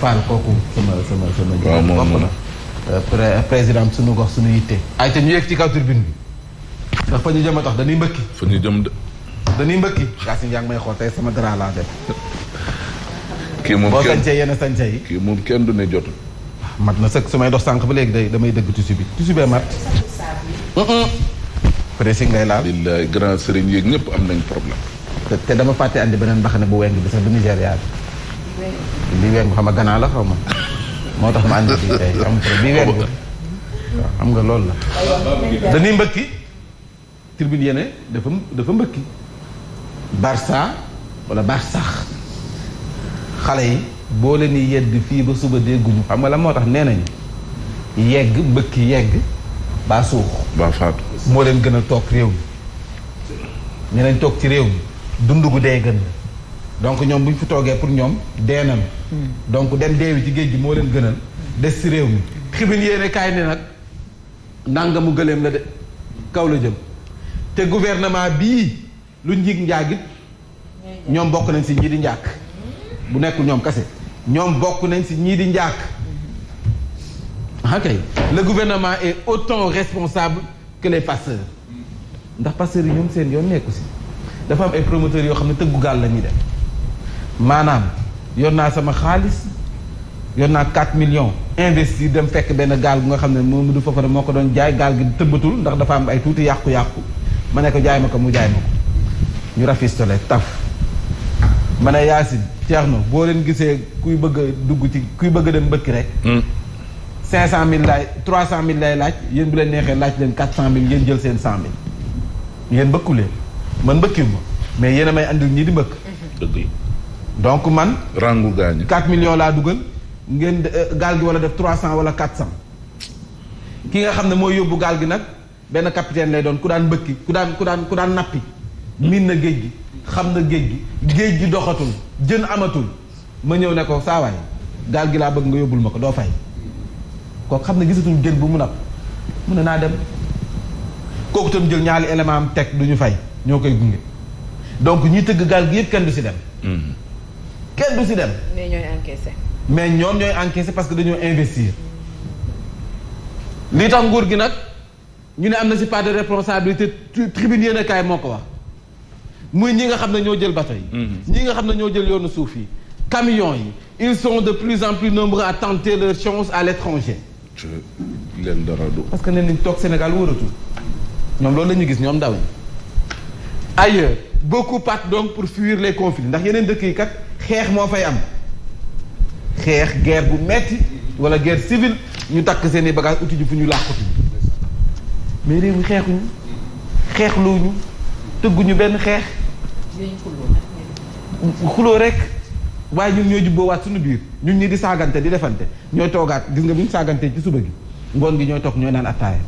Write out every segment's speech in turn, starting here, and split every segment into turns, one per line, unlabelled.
Fall kooku sama sama sama. waaw moom la euh, euh, président suñu gox suñu yitte. ay te ñu yegg ci kaw turbine bi. ndax fa ñu jëm a tax dañuy mbëkki. fa ñu jëm de. dañuy mbëkki. Yacine yaa ngi may xool tey sama dara laa kii moom kenn boo sañcee yenn sañce yi. kii moom kenn du ne jotul. Ah, mat na sëkk su may dox sànq ba léegi day damay dëgg tissu bi tissu bee mat.
pressing ngay laal. alhamdulilah grand sëriñ yeeg ñëpp am nañ problème.
te dama fàtte andi beneen mbaxane bu weng bi sax bu Nigéria bi. bii weer bu xam nga gannaaw la xaw ma moo tax ma ànd xam nga bii weer bu xam nga loolu la. dañuy mbëkki tribune yene dafa dafa mbëkki. Barça wala Barsax xale yi boo leen di yedd fii ba suba dégguñu xam nga la moo tax nee nañ yegg mbëkki yegg baa suux. baa faatu moo leen gën a toog réew mi. ñu leen toog ci réew mi dund gu dee gën donc ñoom bu fi toogee pour ñoom dee nañu hmm. donc dem deewi ci géej bi moo leen gënal des ci réew mi tribune yéene kaay ne nag nangamu gëléem la de kaw la jëm te gouvernement bii lu njiig njaagit ñoom bokk nañ si ñii di njaak bu nekkul ñoom kase ñoom bokk nañ si ñii di njaak ok ah, le gouvernement est autant responsable que les passeurs ndax passeurs yi ñoom seen yoon nekku si dafa am ay promoteurs yoo xam ne tëggu gaal la ñuy def maanaam yoon naa sama xaalis yor naa 4 millions investi dem fekk benn gaal bu nga xam ne moom du foofa moo ko doon jaay gaal gi tëbbatul ndax dafa am ay tuuti yàqu-yàqu ma ne ko jaay ma ko mu jaay ma ko ñu rafistole man ma ne Yacine Thierno boo leen gisee kuy bëgg a dugg ci kuy bëgg a dem mbëkki rek. 500000 hmm. laay 300000 lay laaj yéen bu leen neexee laaj leen 400000 ngeen jël seen 100000 ngeen mbëkku leen man mbëkkiw ma mais yéen a may andil ñii di donc man. rangu gaañu. 4 millions laa dugal ngeen euh, gaal gi wala def 300 wala 400 ki nga xam ne mooy yóbbu gaal gi nag benn capitaine lay doon ku daan mbëkki ku daan ku daan ku daan nappi. miin na géej gi xam na géej gi géej gi doxatul jën amatul ma ñëw ne ko saawaay gaal gi laa bëgg nga yóbbul ma ko doo fay kooku xam ne gisatul jën bu mu napp mun na naa dem kooku itam jël ñaari élément am teg du ñu fay ñoo koy gunge donc ñi tëgg gaal gi yëpp kenn du si dem. Hmm. kenn du si dem. mais ñooy encaissé. mais ñoom ñooy encaissé parce que dañoo investir. li tax nguur gi nag ñu ne am na si part de responsabilité tribune yéen a kaay moo ko wax muy ñi nga xam ne ñoo jël bato yi. Mm-hmm. ñi nga xam ne ñoo jël yoonu suuf yi. camions yi ils sont de plus en plus nombreux à tenter leur chance à l'étranger. leen dara du. parce que nee nañ toog Sénégal wóoratu ñoom loolu la ñu gis ñoom ndaw ñi. ailleurs beaucoup partent donc pour fuir les conflits ndax yeneen dëkk yi kat. xeex moo fay am xeex guerre bu metti wala guerre civile ñu takk seen i bagage uti ji fu ñu làquti mais réew mi xeexuñu xeexluñu tëgguñu benn xeex xuloo rek waaye ñun ñooy jubboowaat suñu biir ñu ñi di saagante di defante ñoo toogaat gis nga bu ñu saagantee ci suba gi ngoon gi ñoo toog ñooy naan attaaya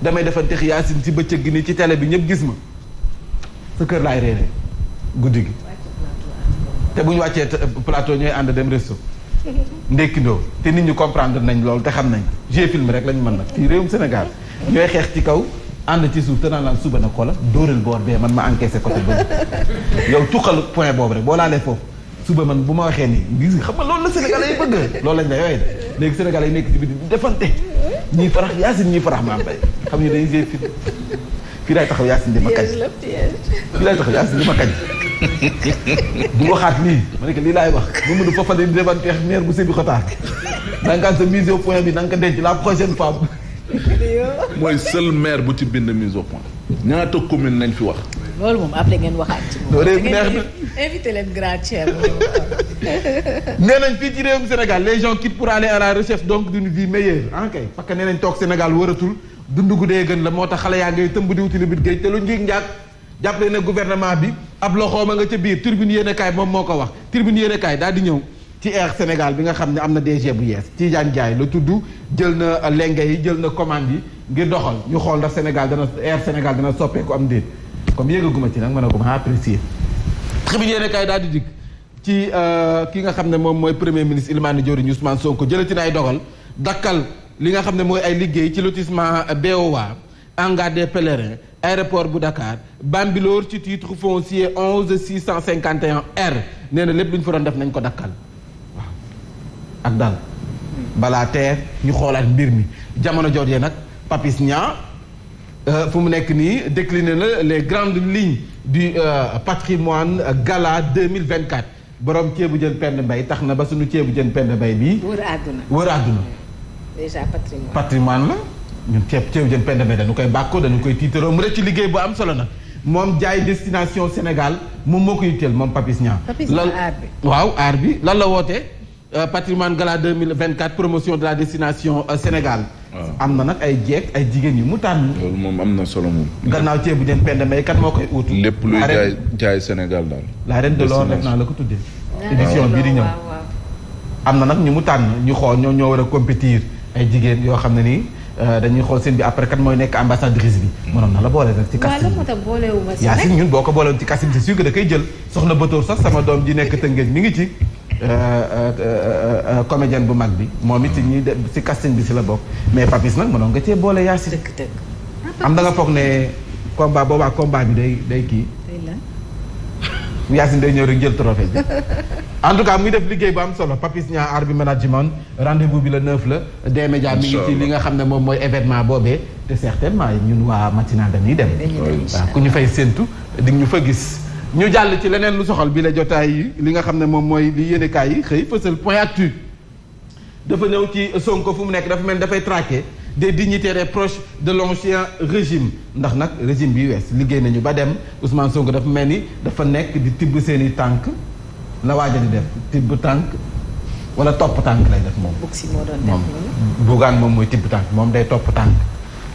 damay defante xiyaasin ci bëccëg gi nii ci télé bi ñëpp gis ma sa kër laay reeree guddi gi te bu ñu wàccee plateau ñooy ànd dem resto ndékkindoo te nit ñi comprendre nañ loolu te xam nañ jeu film rek lañ man nag fii réewum Sénégal ñooy xeex ci kaw ànd ci suuf te naan suba na ko la dóoral boor bee man ma encaissé côté boobu yow tuqal point boobu rek boo laalee foofu suba man bu ma waxee nii gis xam nga loolu la sénégalais yi bëgg loolu lañ la yooyu de léegi sénégalais yi nekk ci biti di defante ñii farax yaasin ñii farax maam bay xam ñu dañuy jeu fii laay taxaw yaasin di ma kañ fii laay taxaw yaasin di ma kañ bu waxaat lii ma ne ko lii laay wax Mamadou Fofana di débanteex maire bu Sébi Xotaar da nga sa mise au point bi na nga ko denc la prochaine fois.
mooy seul maire bu ci bind mise au point. ñaata commune nañ fi wax.
loolu moom après ngeen waxaat ci moom.
leen grand chef.
nee nañ fii ci réewum Sénégal les gens pour aller à la recherche donc d'une vie meilleure ah kay parce que nee nañ toog Sénégal wëratul dund gu gën la moo tax xale yaa ngay tëmb di wuti li bit géej te lu njiig njaag jàppale ne gouvernement bi. ab loxooma nga ca biir tribune yéenekaay moom moo ko wax tribune yéenekaay daal di ñëw ci Air Sénégal bi nga xam ne am na DG bu yees Tidiane Diaye la tudd jël na lenge yi jël na commande yi ngir doxal ñu xool ndax Sénégal dana Air Sénégal dana soppeeku am déet comme yëgaguma ci nag mën a ko ma apprécier tribune yéenekaay daal di dikk ci euh, ki nga xam ne moom mooy premier ministre Ilmane Diorine Ousmane Sonko jëlati na ay dogal dakkal li nga xam ne mooy ay liggéey ci lotissement BOA Hangar des Pèlerins aéroport bu Dakar Bambilor ci titre foncier 11 651 R nee na lépp lu ñu fa doon def nañ ko dakkal waaw ak dal balaa teer ñu xoolaat mbir mi jamono joojee nag Papis Nia euh, fu mu nekk nii décliné na les grandes lignes du euh, patrimoine gala 2024 borom ceebu jël pend mbay tax na ba suñu ceebu jën pend bay bii. wër àdduna patrimoine la. ñun ceeb ceeb jën pendeme dañu koy bàkkoo dañu koy tiitaroo mu rëcc liggéey bu am solo nag moom jaay destination Sénégal moom moo koy yitteel moom Papis Niang lan waaw aar bi lan la wootee euh, patrimoine gala 2024 promotion de la destination euh, Sénégal am na nag ay jeeg ay jigéen yu mu tànn loolu moom am na solo moom gannaaw ceebu jën pendemey kat moo koy uutu lépp luy jaay jaay Sénégal daal la reine de l'or naa la ko tuddee ah, édition bii di ñëw am na nag ñu mu tànn ñu xool ñoo ñoo war ay jigéen yoo xam ne nii Euh, dañuy xool seen bi après kat mooy nekk ambassadrice bi mënoon na la boole nag ci casting Yacine ñun boo ko boolewoon ci casting c'est sûr da koy jël soxna Batoor sax sama doom ji nekk Tëngéej mi ngi ci euh, euh, comédienne bu mag bi moom it ñi ci casting bi si la bokk mais Papis nag mënoon nga cee boole yaa Yacine am da nga foog ne combat boobaa combat bi day day kii Yacine day ñëw rek jël trophée bi en tout cas muy def liggéey bu am solo Papis Niang Arbi Management rendez-vous bi le 9 la. des médias mi ngi ci li nga xam ne moom mooy événement boobee. te certainement ñun waa matinal dañuy dem. waaw ku ñu fay séentu di ñu fa gis. ñu jàll ci leneen lu soxal bi la jotaay yi li nga xam ne moom mooy li yéenekaay yi xëy fësal point actu dafa ñëw ci Sonko fu mu nekk dafa mel ni dafay traqué. des dignitaires proches de l'ancien régime ndax nag régime bi wees liggéey nañu ba dem Ousmane Sonko dafa mel ni dafa nekk di tibb seeni tànk la waaja di def tibb tànk wala topp tànk lay def moom moom moom mooy tibb tànk moom day topp tànk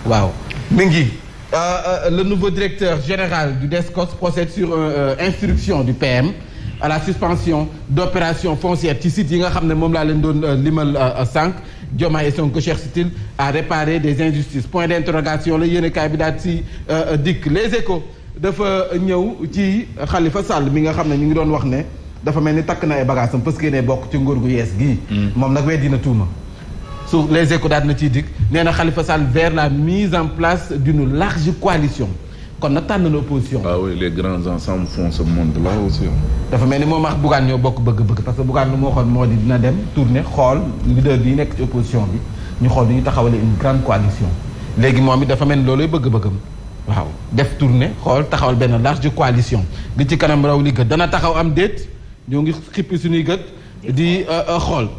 waaw mu ngi euh, euh, le nouveau directeur général du DSCOS procède sur euh, instruction du PM à la suspension d'opérations foncières ci site yi nga xam ne moom laa leen doon limal sànq Diomaye et Sonko cherchent-ils à réparer des injustices point d'interrogation la yéen kaay bi daal si euh, euh, dikk les échos dafa ñëw ci xalifa Sall mi nga xam ne ñu ngi doon wax ne dafa mel ni takk na ay bagages am parce que ne bokk ci nguur gu yees gii. Mm. moom nag weddi na tuuma. su les échos daal na ciy dikk nee na Khalifa Sall vers la mise en place d'une large coalition. kon nag tànn na opposition. ah dafa mel ni moom ak Bougane ñoo bokk bëgg-bëgg parce que Bougane lu moo xoon moo di dina dem tourner xool leader yi nekk ci opposition bi ñu xool ñu taxawale une grande coalition léegi moom it dafa mel ni loolooy bëgg-bëggam waaw def tournée xool taxawal benn large coalition li ci kanam raw li gët dana taxaw am déet ñoo ngi xippi suñuy gët di euh, euh, xool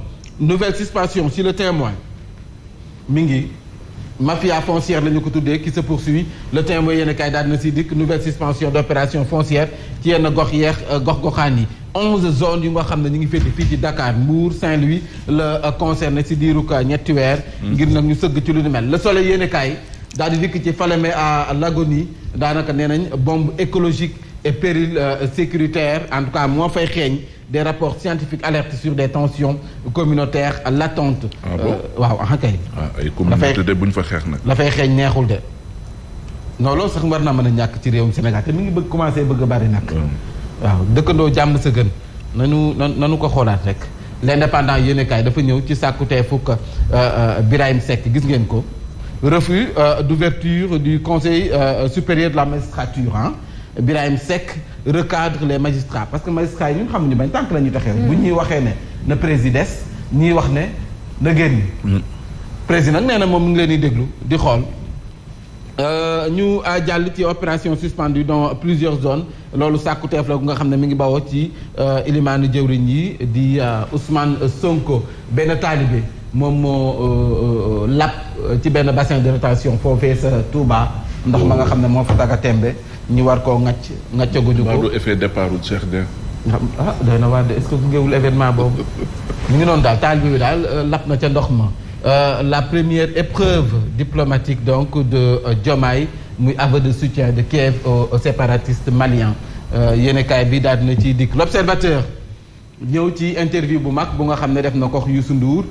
nouvelle suspension si le témoin mi ngi. mafia foncière la ñu ko tuddee qui se poursuit le temps mooy yéen a na si dikk nouvelle suspension d' opération foncière ci yenn gox yeex euh, gox goxaan yi onze zones yu nga xam ne ñu ngi féete fii ci Dakar Mbour Saint-Louis la euh, concerné si diiru ka euh, ñetti weer mm-hmm. ngir nag ñu sëgg ci lu ni mel le soleil yéen a daal di dikk ci Falémé à Lagoni daanaka nee nañ bombe écologique et péril euh, sécuritaire en tout cas moo fay xeeñ des rapports scientifiques alerte sur des tensions communautaires latentes. ah bon euh, waaw ah kay.
Ah, ay communauté bu ñu fa xeex nag.
dafay xeeñ neexul de. noo lool sax war naa mën a ñàkk ci réewum Sénégal te mi ngi bëgg commencé bëgg a bari nag. waaw dëkkandoo jàmm sa gën nañu nañu ko xoolaat rek. l'indépendant yéene kaay dafa ñëw ci sàkkutee fukk euh, Birahim Seck gis ngeen ko refus d'ouverture du conseil supérieur de la magistrature ah. Birahim Seck recadre les magistrats parce que magistrats yi ñun xamuñu bañ tànk la ñuy taxee hmm. bu ñuy waxee ne na président ñuy wax ne na génn hmm. président nee na moom mu ngi leen di déglu di xool euh, ñu euh, jàll ci opération suspendue dans plusieurs zones loolu sàkku teef la gu nga xam ne mu ngi bawoo ci euh, ilimaanu jëwriñ yi di Ousmane Sonko benn taalibe moom moo lap ci benn bassin de rétention foofee sa Touba ndox ma nga xam ne moo fa tagga tembe ñu war koo ŋacc ŋaccaguñu ko du
effet départ Cheikh de
ah doy na waa de est-ce que ngéewul événement boobu mu ngi noonu daal taalibe bi daal euh, lap na ca ndox ma euh, la première épreuve diplomatique donc de euh, Diomaye muy aveu de soutien de Kiev aux séparatistes maliens yéenekaay bi daal na ci dikk l'observateur ñëw ci interview bu mag bu nga xam ne def na ko Youssou Ndour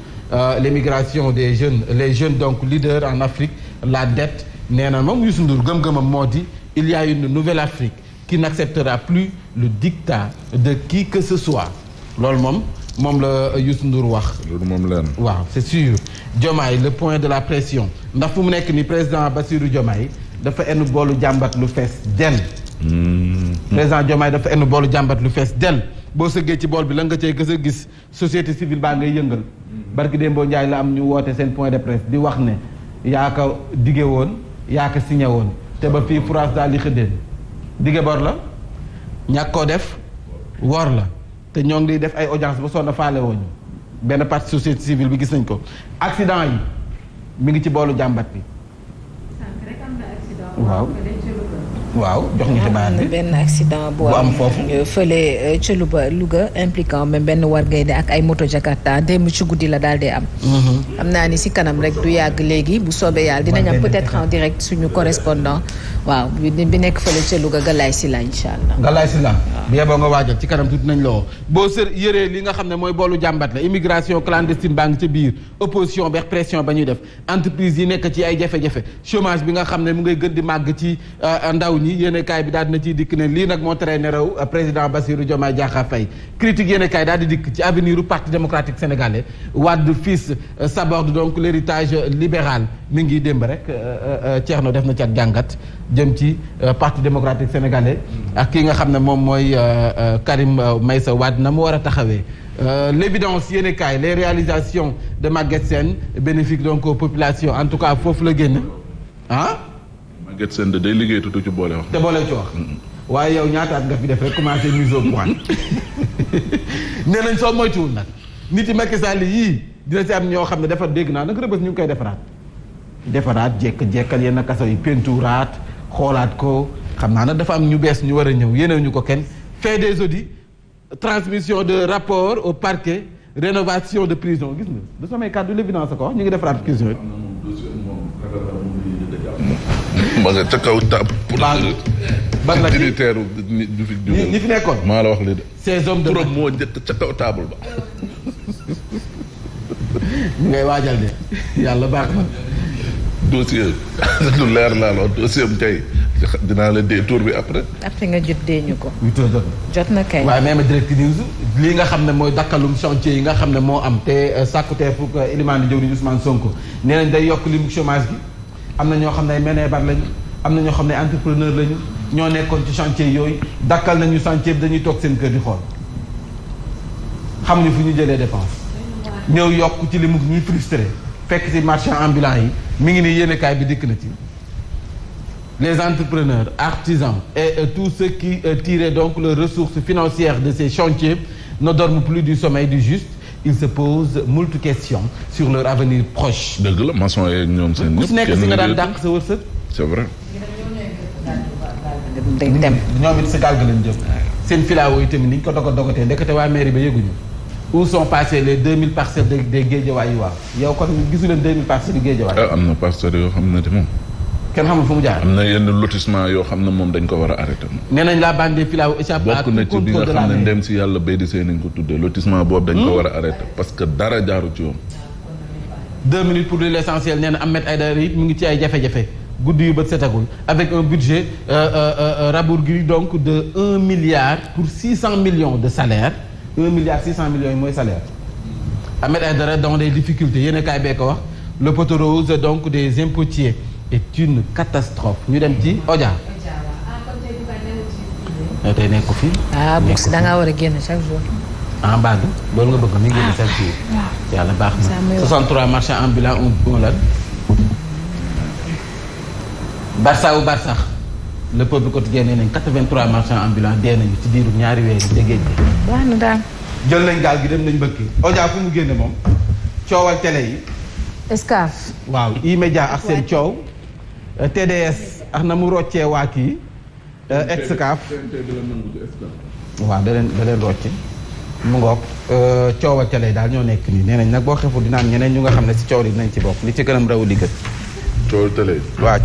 l'émigration des jeunes les jeunes donc leaders en Afrique la dette nee na moom Youssou Ndour gëm-gëmam moo di il y a une nouvelle Afrique qui n'acceptera plus le dictat de qui que ce soit loolu moom moom la Youssou Ndour wax. loolu moom la waaw c'est sûr. Diomaye le point de la pression ndax fu mu nekk nii président Bassirou Diomaye dafa enn boolu jàmbat lu fees dell. Hmm. président Diomaye dafa enn boolu jàmbat lu fees dell. boo sëggee ci bool bi la nga cay gës a gis société civile baa ngay yëngal. Hmm. barki Dembo Ndiaye la am ñu woote seen point de presse di wax ne yaa ko diggee woon. yaa ko woon te ba fii France daal di xëddeen dige bor la ñàkk koo def wor la te ñoo ngi di def ay audience ba sonn faale wooñu benn partie société civile bi gis nañ ko accident yi mu ngi ci boolu jàmbat bi. waaw. waaw jox ñu xibaar bi ah, benn accident bu am foofu fële euh, ca Louga Louga impliquant même benn war gaynde ak ay moto Jakarta démb ci guddi la daal di am mhm. xam naa ni si kanam rek du yàgg léegi bu soobee yàlla dina am peut-être en direct suñu correspondant waaw bi nekk fële ca Louga Galaye Sylla insha allah Galaye Sylla bu yeboo nga waajal ci kanam tuuti nañ la woo boo sër yëree li nga xam ne mooy boolu jàmbat la immigration clandestine baa ngi ca biir opposition beex pression ba ñuy def entreprise yi nekk ci ay jafe-jafe chômage bi nga xam ne mu ngay gën di màgg ci euh, euh, ndaw ñi yéene kaay bi daal dina ciy dikk ne lii nag moo tere ne rew euh, président Bassirou Diomaye Diakhar Faye critique yéene kaay daal di dikk ci avenir u parti démocratique sénégalais Wade fils s'aborde donc l'héritage libéral mi ngi démb rek euh, euh, euh, Thierno def na ci ak jàngat jëm ci parti démocratique sénégalais. ak ki nga xam ne moom mooy Karim Meïssa Wade na mu war a taxawee. l'évidence yéen kaay les réalisations de Maguette seen bénéfique donc aux en tout cas foofu la génn ah.
Maguette Sène de day liggéey tuuti ci boole wax.
te boole ci wax. waaye yow ñaata at nga fi def rek commencé mise au point nee nañ soo moytuwul nag nit yi Macky Sall yii dina si am ñoo xam ne dafa dégg naa nag rëbës ñu ngi koy defaraat. defaraat jekk-jekkal yenn kaso yi pentuuraat xoolaat ko xam naa nag dafa am ñu bees ñu war a ñëw yeneen ñu ko kenn fait des audits transmission de rapport au parquet rénovation de prison gis nga du samay kàddu l'évidence ko wax ñu ngi defaraat prison yi.
ma nga ca kaw tab. ban la ñi fi nekkoon maa la wax li de. ces hommes de turam moo njëkk ca kaw table ba.
ñu ngay waajal de yàlla baax na. dossier
lu leer laa la dossier am kay dinaa la dee bi après.
après nga jot dee ñu ko. huit heures jot na kay. waaye même direct news lii nga xam ne mooy dakkalum chantier yi nga xam ne moo am te euh, sàkkutee pour que Elimane di jëwriñ son Sonko nee nañ day yokk limu chômage bi am na ñoo xam ne ay meneebar lañu am na ñoo xam ne entrepreneur lañu ñoo nekkoon ci chantier yooyu dakkal nañu chantier bi dañuy toog seen kër di xool xam xamuñu fu ñu jëlee dépense. ñëw yokk ci limu ñuy frustré fekk ci marchand ambulant yi. mi ngi ni yéenekaay bi dikk na ci les entrepreneurs artisans et euh, tous ceux qui euh, tiraient donc leurs ressources financières de ces chantiers ne dorment plus du sommeil du juste ils se posent moult questions sur leur avenir proche.
dëgg la maçon yeeg ñoom seen. ñëpp kenn ku nekk si nga daan dànk
sa wërsëg. c'est vrai. ñoom it si gaal gi lañ jëm. seen filaawo yi tamit ni ñu ko dogo dogatee ndekete waa mairie ba yëguñu. où sont passées les 2000 parcelles de de géejawaay yi waaw yow kon gisu leen 2000 parcelles yu géejawaay. ah eh,
am na parcelles yoo xam ne de moom.
kenn xamul fu mu jaar.
am na yenn lotissement yoo xam ne moom dañ ko war a arrêté.
nee nañ la bande des Pilaw échappe à bokk na ci bi nga xam ne ndem
si yàlla béy di seen nañ ko tuddee lotissement boobu dañ ko war a arrêté parce que dara jaaru ci yoon.
deux minutes pour l' essentiel nee na Ahmed Aïdara it mu ngi ci ay jafe-jafe guddi yu bët setagul avec un budget euh, euh, euh, rabourgri donc de un milliard pour six cent millions de salaires. un milliard six cent millions yi mooy salaire. Ahmed Aïdara dans les difficultés yéen a kaay bee wax le poteau donc des impôtiers est une catastrophe ñu dem ci Odia. Eh, tey nekk fi fii. ah boks war a génn chaque jour. ah Badou loolu nga bëgg mi génn chaque jour. Ah, yàlla baax na 63 marchands ambulants ont lan. Barça ou Barsax. le peuple quotidien nee nañ 83 marchands ambulants dee nañu ci diiru ñaari weer yi géej gi. waaw na daal. jël nañ gaal gi dem nañ mbëkki Odia fu mu génne moom coowal télé yi. Escaf. waaw E-Media ak coow. Euh, TDS ak na mu roccee waa kii. Excaf. Euh, waaw da leen da leen rocce. mu ngoog euh, coowal télé yi daal ñoo nekk nii nee nañ nag boo xeful dina am ñeneen ñu nga xam ne ci coow li nañ ci bokk li ci gënam raw li gën. coowal yi waaw